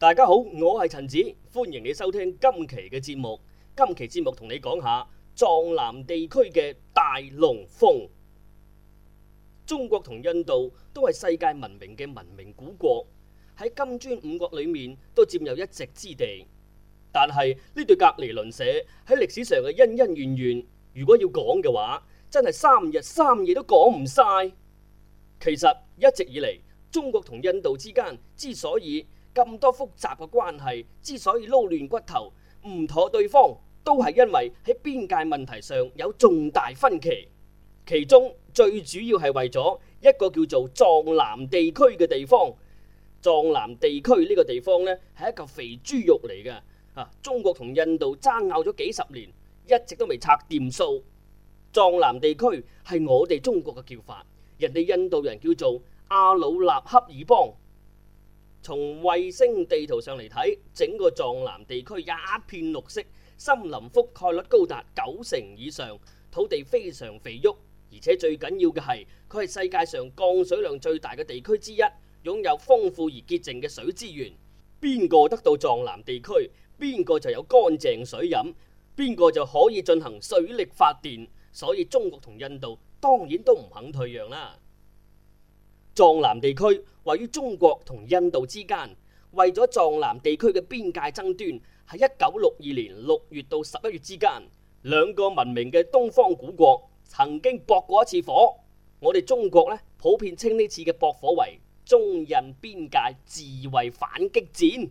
大家好，我係陳子，歡迎你收聽今期嘅節目。今期節目同你講下藏南地區嘅大龍鳳。中國同印度都係世界聞名嘅文明古國，喺金磚五國裏面都佔有一席之地。但係呢對隔籬鄰舍喺歷史上嘅恩恩怨怨，如果要講嘅話，真係三日三夜都講唔晒。其實一直以嚟，中國同印度之間之所以咁多複雜嘅關係，之所以撈亂骨頭，唔妥對方，都係因為喺邊界問題上有重大分歧。其中最主要係為咗一個叫做藏南地區嘅地方。藏南地區呢個地方呢，係一嚿肥豬肉嚟嘅啊！中國同印度爭拗咗幾十年，一直都未拆掂數。藏南地區係我哋中國嘅叫法，人哋印度人叫做阿魯納克爾邦。從衛星地圖上嚟睇，整個藏南地區有一片綠色，森林覆蓋率高達九成以上，土地非常肥沃，而且最緊要嘅係，佢係世界上降水量最大嘅地區之一，擁有豐富而潔淨嘅水資源。邊個得到藏南地區，邊個就有乾淨水飲，邊個就可以進行水力發電。所以中國同印度當然都唔肯退讓啦。藏南地區位於中國同印度之間，為咗藏南地區嘅邊界爭端，喺一九六二年六月到十一月之間，兩個文明嘅東方古國曾經駁過一次火。我哋中國呢，普遍稱呢次嘅駁火為中印邊界自衛反擊戰。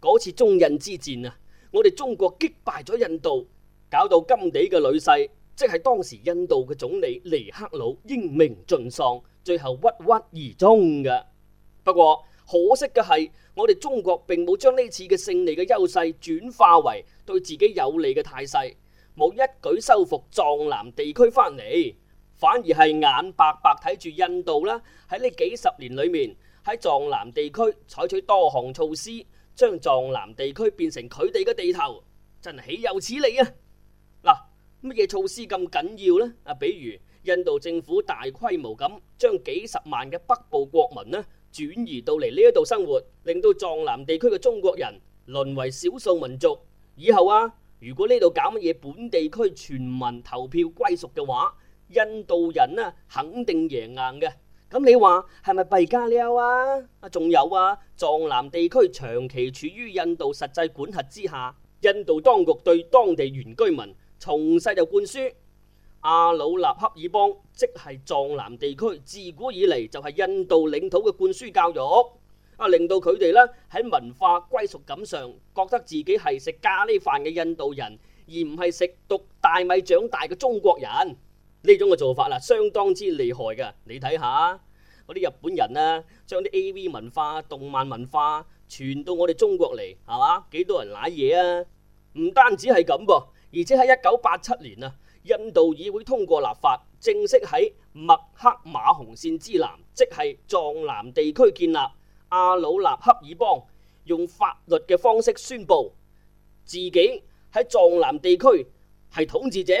嗰次中印之戰啊，我哋中國擊敗咗印度，搞到甘地嘅女婿，即係當時印度嘅總理尼克魯英明盡喪。最後鬱鬱而終嘅。不過可惜嘅係，我哋中國並冇將呢次嘅勝利嘅優勢轉化為對自己有利嘅態勢，冇一舉收復藏南地區翻嚟，反而係眼白白睇住印度啦，喺呢幾十年裏面，喺藏南地區採取多項措施，將藏南地區變成佢哋嘅地頭，真係豈有此理啊！嗱，乜嘢措施咁緊要呢？啊，比如。印度政府大規模咁將幾十萬嘅北部國民呢轉移到嚟呢一度生活，令到藏南地區嘅中國人淪為少數民族。以後啊，如果呢度搞乜嘢本地區全民投票歸屬嘅話，印度人呢肯定贏硬嘅。咁你話係咪弊加料啊？啊，仲有啊，藏南地區長期處於印度實際管轄之下，印度當局對當地原居民從細就灌輸。阿魯納克爾邦即係藏南地區，自古以嚟就係印度領土嘅灌輸教育啊，令到佢哋咧喺文化歸屬感上覺得自己係食咖喱飯嘅印度人，而唔係食毒大米長大嘅中國人。呢種嘅做法啦，相當之厲害嘅。你睇下嗰啲日本人啊，將啲 AV 文化、動漫文化傳到我哋中國嚟，係嘛？幾多人舐嘢啊？唔單止係咁噃，而且喺一九八七年啊。印度議會通過立法，正式喺麥克馬洪線之南，即係藏南地區建立阿魯納恰爾邦，用法律嘅方式宣布自己喺藏南地區係統治者。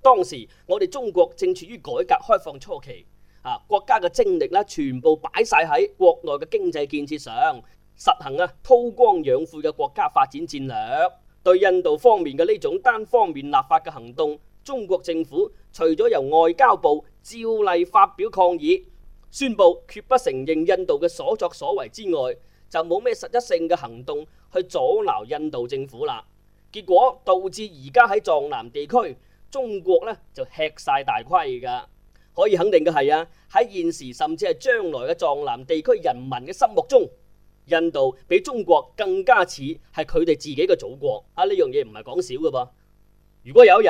當時我哋中國正處於改革開放初期，啊，國家嘅精力啦，全部擺晒喺國內嘅經濟建設上，實行啊韜光養晦嘅國家發展戰略。對印度方面嘅呢種單方面立法嘅行動，中國政府除咗由外交部照例發表抗議、宣佈決不承認印度嘅所作所為之外，就冇咩實質性嘅行動去阻撓印度政府啦。結果導致而家喺藏南地區，中國呢就吃晒大虧㗎。可以肯定嘅係啊，喺現時甚至係將來嘅藏南地區人民嘅心目中，印度比中國更加似係佢哋自己嘅祖國啊！呢樣嘢唔係講笑嘅噃。如果有一日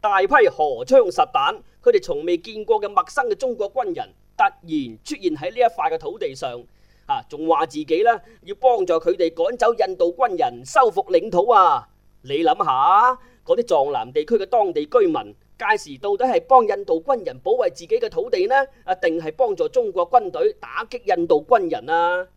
大批荷槍實彈、佢哋從未見過嘅陌生嘅中國軍人突然出現喺呢一塊嘅土地上，啊，仲話自己呢要幫助佢哋趕走印度軍人、收復領土啊！你諗下嗰啲藏南地區嘅當地居民屆時到底係幫印度軍人保衞自己嘅土地呢？啊，定係幫助中國軍隊打擊印度軍人啊？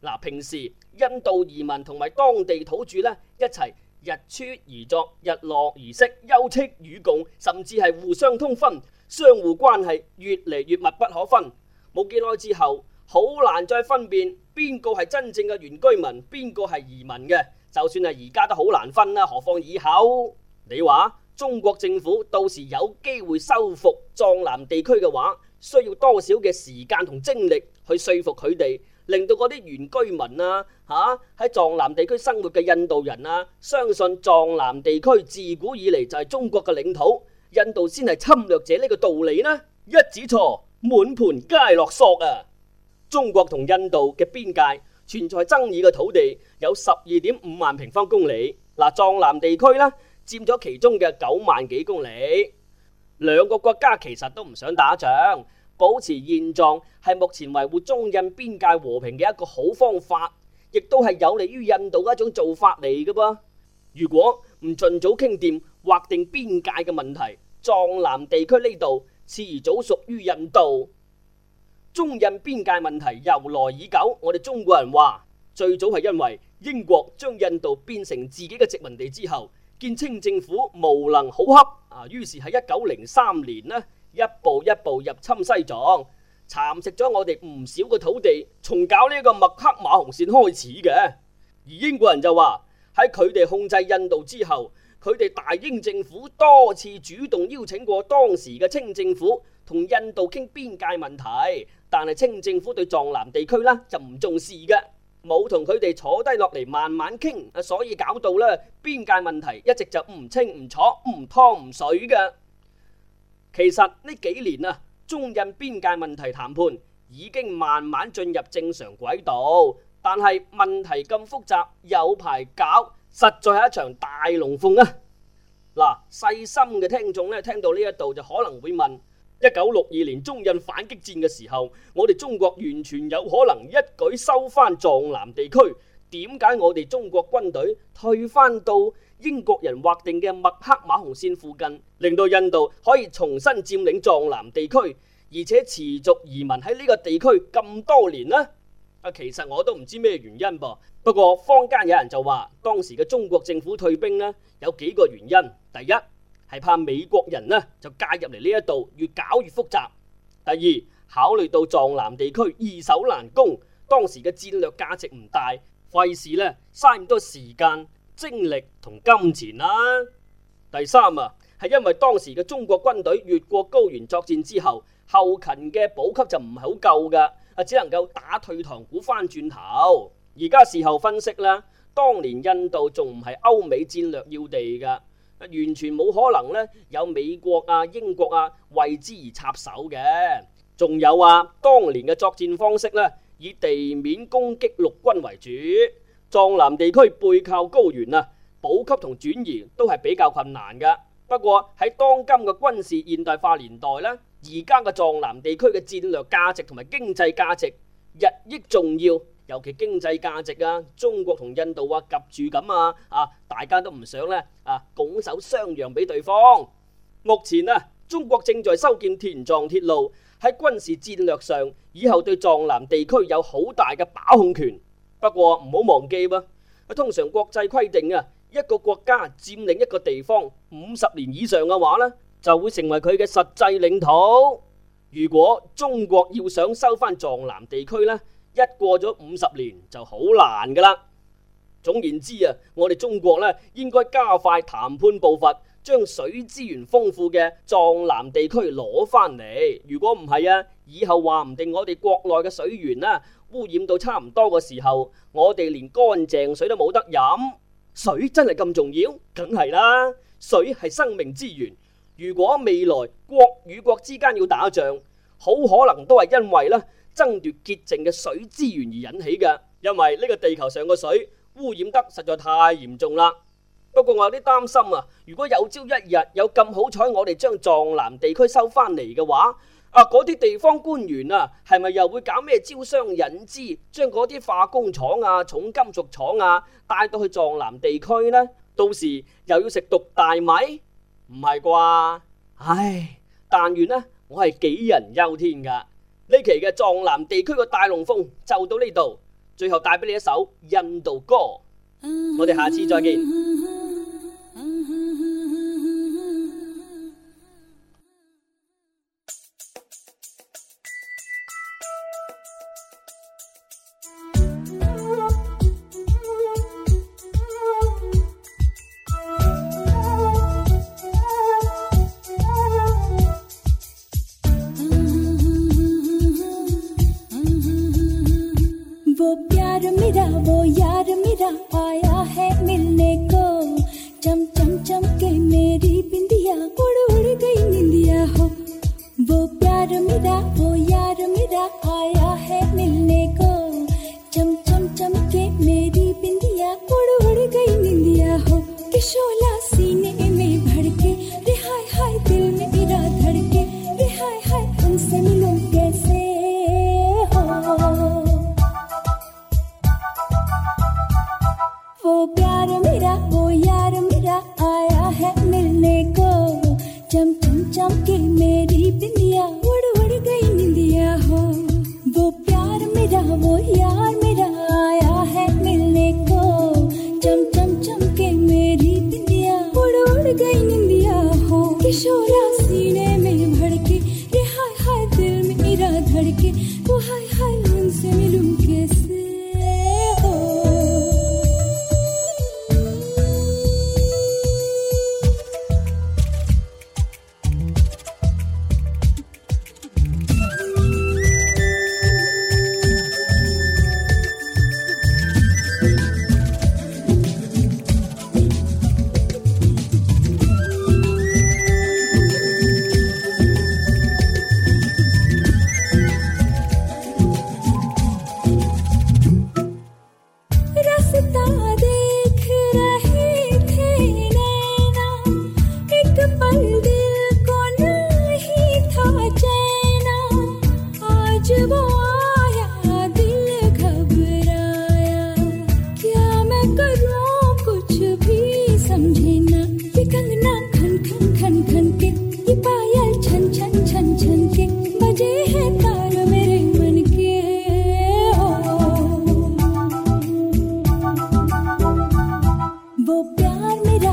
嗱，平時印度移民同埋當地土著咧，一齊日出而作，日落而息，休戚與共，甚至係互相通婚，相互關係越嚟越密不可分。冇幾耐之後，好難再分辨邊個係真正嘅原居民，邊個係移民嘅。就算係而家都好難分啦，何況以後？你話中國政府到時有機會收復藏南地區嘅話，需要多少嘅時間同精力去說服佢哋？令到嗰啲原居民啊，嚇喺藏南地區生活嘅印度人啊，相信藏南地區自古以嚟就係中國嘅領土，印度先係侵略者呢個道理呢？一指錯，滿盤皆落索啊！中國同印度嘅邊界存在爭議嘅土地有十二點五萬平方公里，嗱，藏南地區呢，佔咗其中嘅九萬幾公里，兩個國家其實都唔想打仗。保持現狀係目前維護中印邊界和平嘅一個好方法，亦都係有利於印度嘅一種做法嚟嘅噃。如果唔盡早傾掂劃定邊界嘅問題，藏南地區呢度遲早屬於印度。中印邊界問題由來已久，我哋中國人話最早係因為英國將印度變成自己嘅殖民地之後，見清政府無能好恰，啊，於是喺一九零三年呢。一步一步入侵西藏，蠶食咗我哋唔少嘅土地，從搞呢個麥克馬洪線開始嘅。而英國人就話喺佢哋控制印度之後，佢哋大英政府多次主動邀請過當時嘅清政府同印度傾邊界問題，但係清政府對藏南地區呢就唔重視嘅，冇同佢哋坐低落嚟慢慢傾，所以搞到呢邊界問題一直就唔清唔楚、唔湯唔水嘅。其實呢幾年啊，中印邊界問題談判已經慢慢進入正常軌道，但係問題咁複雜，有排搞，實在係一場大龍鳳啊！嗱，細心嘅聽眾咧聽到呢一度就可能會問：一九六二年中印反擊戰嘅時候，我哋中國完全有可能一舉收翻藏南地區。點解我哋中國軍隊退翻到英國人劃定嘅麥克馬洪線附近，令到印度可以重新佔領藏南地區，而且持續移民喺呢個地區咁多年呢？啊，其實我都唔知咩原因噃。不過坊間有人就話，當時嘅中國政府退兵呢，有幾個原因。第一係怕美國人呢就介入嚟呢一度，越搞越複雜。第二，考慮到藏南地區易守難攻，當時嘅戰略價值唔大。費事咧，嘥咁多時間、精力同金錢啦。第三啊，係因為當時嘅中國軍隊越過高原作戰之後，後勤嘅補給就唔係好夠噶，啊，只能夠打退堂鼓翻轉頭。而家事後分析啦，當年印度仲唔係歐美戰略要地噶，完全冇可能咧有美國啊、英國啊為之而插手嘅。仲有啊，當年嘅作戰方式咧。以地面攻擊陸軍為主，藏南地區背靠高原啊，補給同轉移都係比較困難噶。不過喺當今嘅軍事現代化年代咧，而家嘅藏南地區嘅戰略價值同埋經濟價值日益重要，尤其經濟價值啊，中國同印度啊夾住咁啊，啊大家都唔想咧啊拱手相讓俾對方。目前啊，中國正在修建田藏鐵路。喺軍事戰略上，以後對藏南地區有好大嘅把控權。不過唔好忘記喎，通常國際規定啊，一個國家佔領一個地方五十年以上嘅話呢，就會成為佢嘅實際領土。如果中國要想收翻藏南地區呢，一過咗五十年就好難噶啦。總言之啊，我哋中國呢應該加快談判步伐。將水資源豐富嘅藏南地區攞翻嚟，如果唔係啊，以後話唔定我哋國內嘅水源啊污染到差唔多嘅時候，我哋連乾淨水都冇得飲。水真係咁重要？梗係啦，水係生命之源。如果未來國與國之間要打仗，好可能都係因為咧爭奪潔淨嘅水資源而引起嘅，因為呢個地球上嘅水污染得實在太嚴重啦。不過我有啲擔心啊，如果有朝一日有咁好彩，我哋將藏南地區收翻嚟嘅話，啊，嗰啲地方官員啊，係咪又會搞咩招商引資，將嗰啲化工廠啊、重金屬廠啊帶到去藏南地區呢？到時又要食毒大米，唔係啩？唉，但願呢，我係杞人憂天噶。呢期嘅藏南地區嘅大龍鳳就到呢度，最後帶俾你一首印度歌，我哋下次再見。